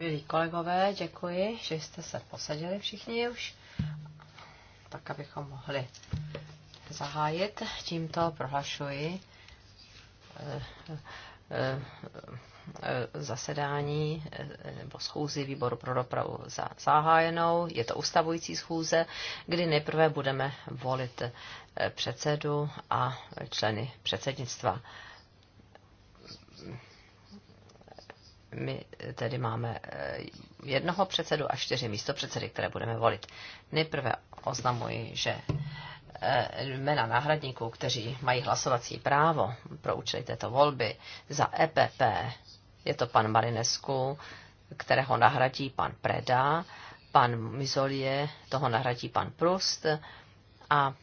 Milí kolegové, děkuji, že jste se posadili všichni už, tak abychom mohli zahájit. Tímto prohlašuji eh, eh, eh, zasedání nebo schůzi výboru pro dopravu za zahájenou. Je to ustavující schůze, kdy nejprve budeme volit předsedu a členy předsednictva. my tedy máme eh, jednoho předsedu a čtyři místopředsedy, které budeme volit. Nejprve oznamuji, že eh, jména náhradníků, kteří mají hlasovací právo pro účely této volby, za EPP je to pan Marinesku, kterého nahradí pan Preda, pan Mizolie, toho nahradí pan Prust a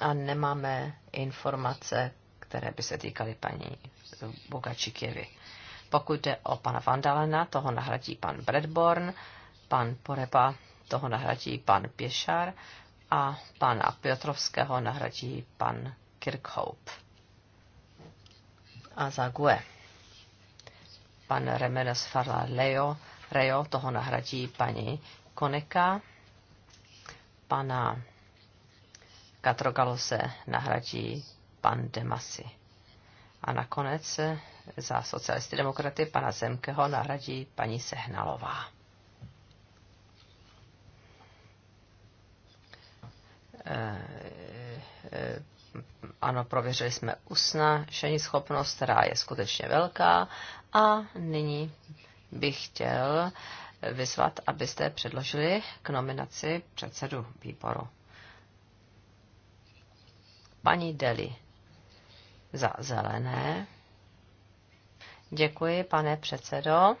a nemáme informace které by se týkaly paní Bogačikěvy. Pokud jde o pana Vandalena, toho nahradí pan Bradborn, pan Porepa toho nahradí pan Pěšar a pana Piotrovského nahradí pan Kirkhope. A za GUE pan Remenes Farla Leo, Rejo, toho nahradí paní Koneka, pana Katrogalose nahradí pan Demasi. A nakonec za socialisty demokraty pana Zemkeho nahradí paní Sehnalová. E, e, ano, prověřili jsme usnášení schopnost, která je skutečně velká. A nyní bych chtěl vyzvat, abyste předložili k nominaci předsedu výboru. Paní Deli za zelené. Děkuji, pane předsedo.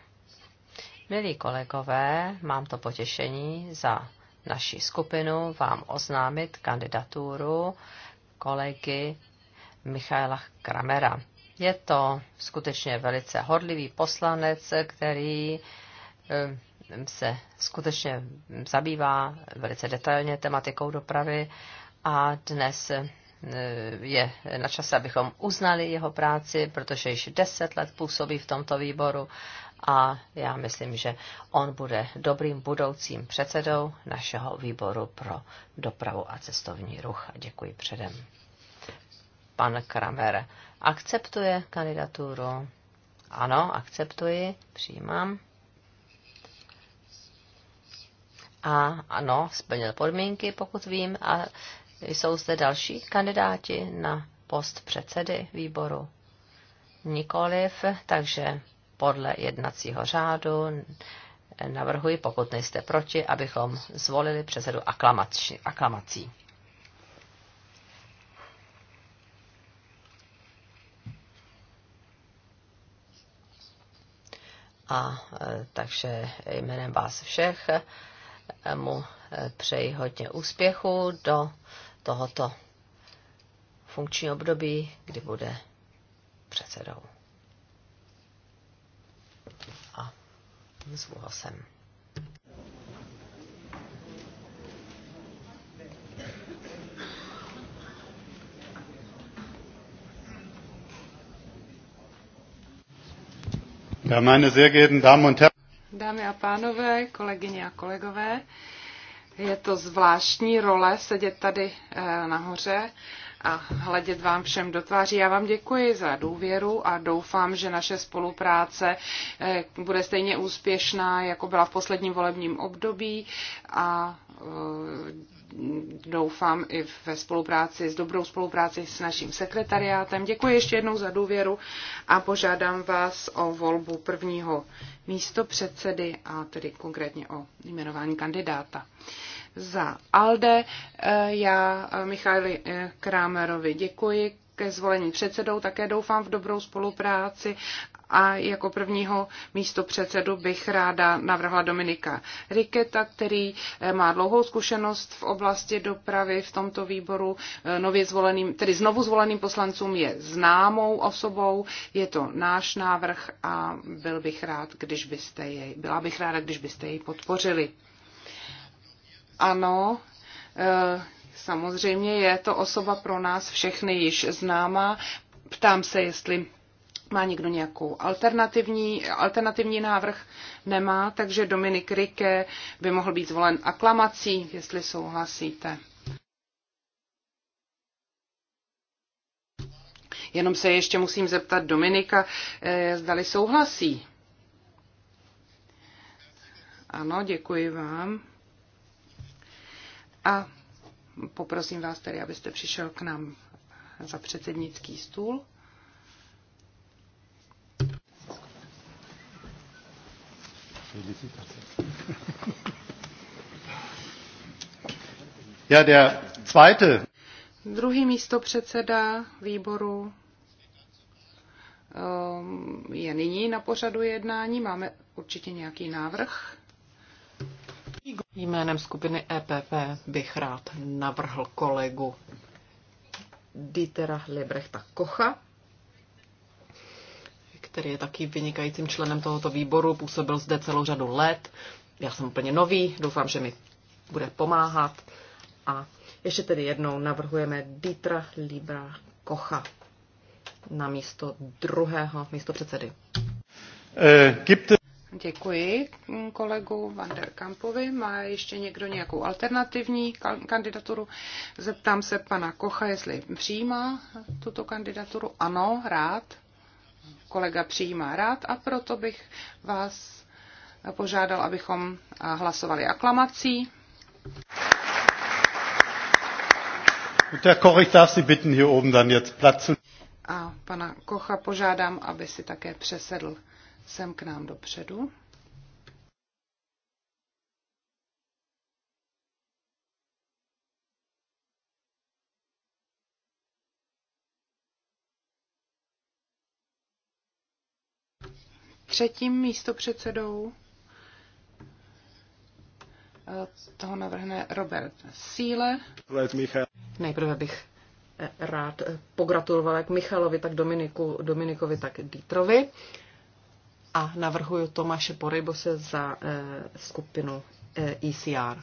Milí kolegové, mám to potěšení za naši skupinu vám oznámit kandidaturu kolegy Michaela Kramera. Je to skutečně velice hodlivý poslanec, který eh, se skutečně zabývá velice detailně tematikou dopravy a dnes Eh, je na čase, abychom uznali jeho práci, protože již deset let působí v tomto výboru a já myslím, že on bude dobrým budoucím předsedou našeho výboru pro dopravu a cestovní ruch. Děkuji předem. Pan Kramer akceptuje kandidaturu. Ano, akceptuji, přijímám. A ano, splnil podmínky, pokud vím, a jsou zde další kandidáti na post předsedy výboru? Nikoliv, takže podle jednacího řádu navrhuji, pokud nejste proti, abychom zvolili předsedu aklamací. A e, takže jménem vás všech e, mu e, přeji hodně úspěchu do tohoto funkční období, kdy bude předsedou. A zvu ho sem. Dámy a pánové, kolegyně a kolegové, je to zvláštní role sedět tady eh, nahoře a hledět vám všem do tváří. Já vám děkuji za důvěru a doufám, že naše spolupráce eh, bude stejně úspěšná, jako byla v posledním volebním období a eh, doufám i ve spolupráci, s dobrou spolupráci s naším sekretariátem. Děkuji ještě jednou za důvěru a požádám vás o volbu prvního místo předsedy a tedy konkrétně o jmenování kandidáta za ALDE. E, já e, Michaili e, Krámerovi děkuji ke zvolení předsedou, také doufám v dobrou spolupráci a jako prvního místo předsedu bych ráda navrhla Dominika Riketa, který má dlouhou zkušenost v oblasti dopravy v tomto výboru. Nově zvoleným, tedy znovu zvoleným poslancům je známou osobou, je to náš návrh a byl bych rád, když byste jej, byla bych ráda, když byste jej podpořili. Ano, e, samozřejmě je to osoba pro nás všechny již známá. Ptám se, jestli má někdo nějakou alternativní, alternativní návrh? Nemá, takže Dominik Rike by mohl být zvolen aklamací, jestli souhlasíte. Jenom se ještě musím zeptat Dominika, e, zdali souhlasí. Ano, děkuji vám. A poprosím vás tedy, abyste přišel k nám za předsednický stůl. Ja, der zweite. Druhý místo předseda výboru ehm, je nyní na pořadu jednání. Máme určitě nějaký návrh. Jménem skupiny EPP bych rád navrhl kolegu Dietera Lebrechta Kocha, který je taky vynikajícím členem tohoto výboru, působil zde celou řadu let. Já jsem úplně nový, doufám, že mi bude pomáhat. A ještě tedy jednou navrhujeme Dietra Libra Kocha na místo druhého místo předsedy. Eh, gibt Děkuji kolegu Van der Kampovi. Má ještě někdo nějakou alternativní kandidaturu? Zeptám se pana Kocha, jestli přijímá tuto kandidaturu. Ano, rád. Kolega přijímá rád a proto bych vás požádal, abychom hlasovali aklamací. A pana Kocha požádám, aby si také přesedl sem k nám dopředu. Třetím místopředsedou eh, toho navrhne Robert Síle. Nejprve bych eh, rád eh, pogratuloval jak Michalovi, tak Dominiku, Dominikovi, tak Dítrovi a navrhuju Tomáše Porybose za eh, skupinu ECR. Eh, e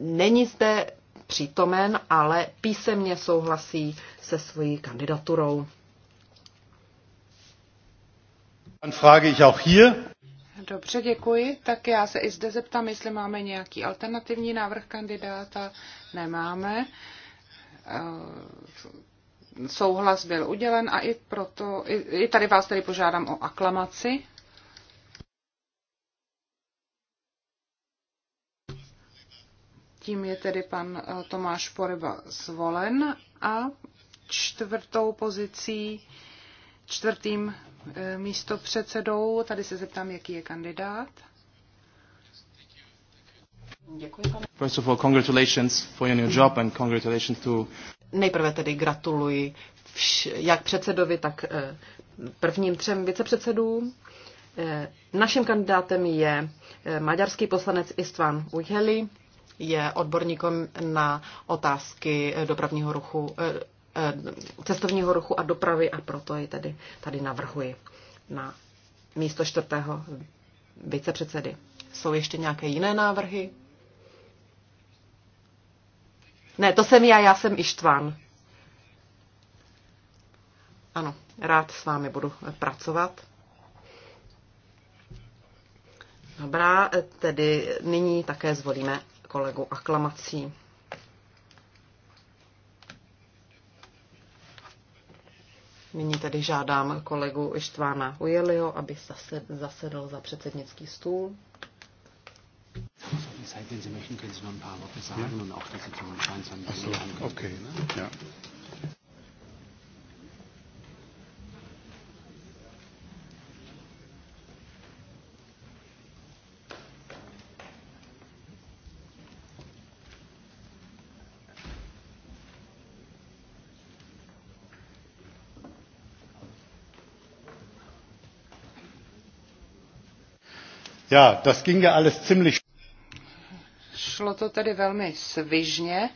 Není zde přítomen, ale písemně souhlasí se svojí kandidaturou. Dobře, děkuji. Tak já se i zde zeptám, jestli máme nějaký alternativní návrh kandidáta. Nemáme eh, souhlas byl udělen a i proto, i, i tady vás tedy požádám o aklamaci. Tím je tedy pan eh, Tomáš Poryba zvolen a čtvrtou pozicí, čtvrtým eh, místopředsedou, tady se zeptám, jaký je kandidát. Děkuji, pane. First of all, congratulations for your new job and congratulations to Nejprve tedy gratuluji vš- jak předsedovi, tak eh, prvním třem vicepředsedům. Eh, naším kandidátem je eh, maďarský poslanec István Ujheli, je odborníkem na otázky dopravního ruchu, cestovního ruchu a dopravy a proto ji tedy tady navrhuji na místo čtvrtého vicepředsedy. Jsou ještě nějaké jiné návrhy? Ne, to jsem já, já jsem Ištván. Ano, rád s vámi budu pracovat. Dobrá, tedy nyní také zvolíme kolegu aklamací. Nyní tedy žádám kolegu Ištvána Ujeliho, aby zasedl za předsednický stůl. Zeit, wenn Sie möchten, können Sie noch ein paar Worte sagen ja. und auch, dass Sie zum 22. sein so, können. okay. Ne? Ja. Ja, das ging ja alles ziemlich Šlo to tedy velmi svižně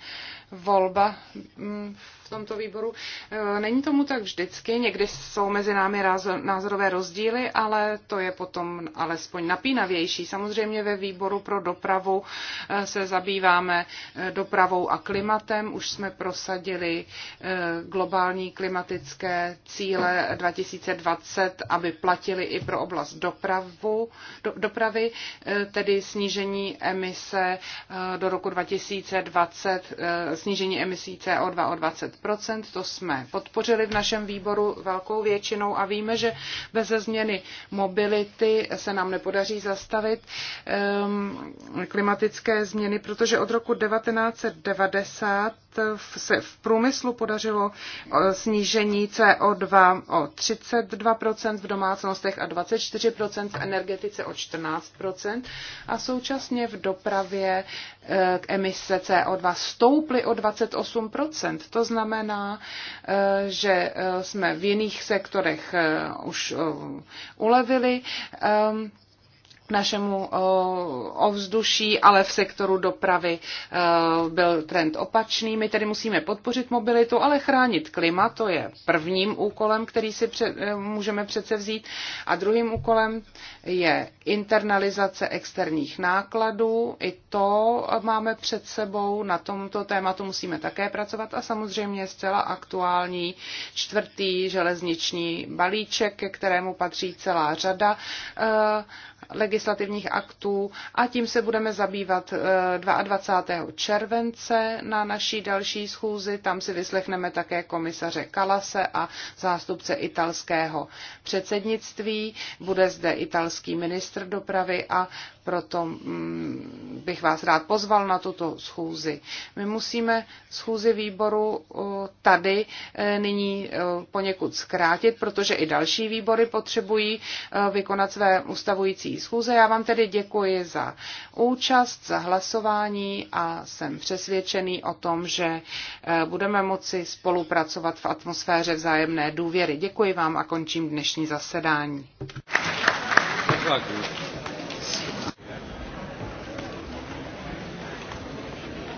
volba mm, v tomto výboru. E, není tomu tak vždycky, někdy jsou mezi námi názorové rozdíly, ale to je potom alespoň napínavější. Samozřejmě ve výboru pro dopravu e, se zabýváme e, dopravou a klimatem. Už jsme prosadili globální klimatické cíle 2020, aby platili i pro oblast dopravu, do, dopravy, tedy snížení emise do roku 2020 snížení emisí CO2 o 20 To jsme podpořili v našem výboru velkou většinou a víme, že bez změny mobility se nám nepodaří zastavit ehm, klimatické změny, protože od roku 1990 se v průmyslu podařilo eh, snížení CO2 o 32%, v domácnostech a 24%, v energetice o 14% a současně v dopravě eh, k emise CO2 stouply o 28%. To znamená, eh, že jsme v jiných sektorech už ulevili. Ehm, našemu eh, ovzduší, ale v sektoru dopravy eh, byl trend opačný. My tedy musíme podpořit mobilitu, ale chránit klima, to je prvním úkolem, který si před, eh, můžeme přece vzít. A druhým úkolem je internalizace externích nákladů. I to máme před sebou, na tomto tématu musíme také pracovat a samozřejmě zcela aktuální čtvrtý železniční balíček, ke kterému patří celá řada legislativních legislativních aktů a tím se budeme zabývat 22. Eh, července na naší další schůzi. Tam si vyslechneme také komisaře Kalase a zástupce italského předsednictví. Bude zde italský ministr dopravy a proto mm, bych vás rád pozval na tuto schůzi. My musíme schůzi výboru eh, tady eh, nyní eh, poněkud zkrátit, protože i další výbory potřebují vykonat své ustavující schůze. Já vám tedy děkuji za účast, za hlasování a jsem přesvědčený o tom, že budeme moci spolupracovat v atmosféře vzájemné důvěry. Děkuji vám a končím dnešní zasedání. you.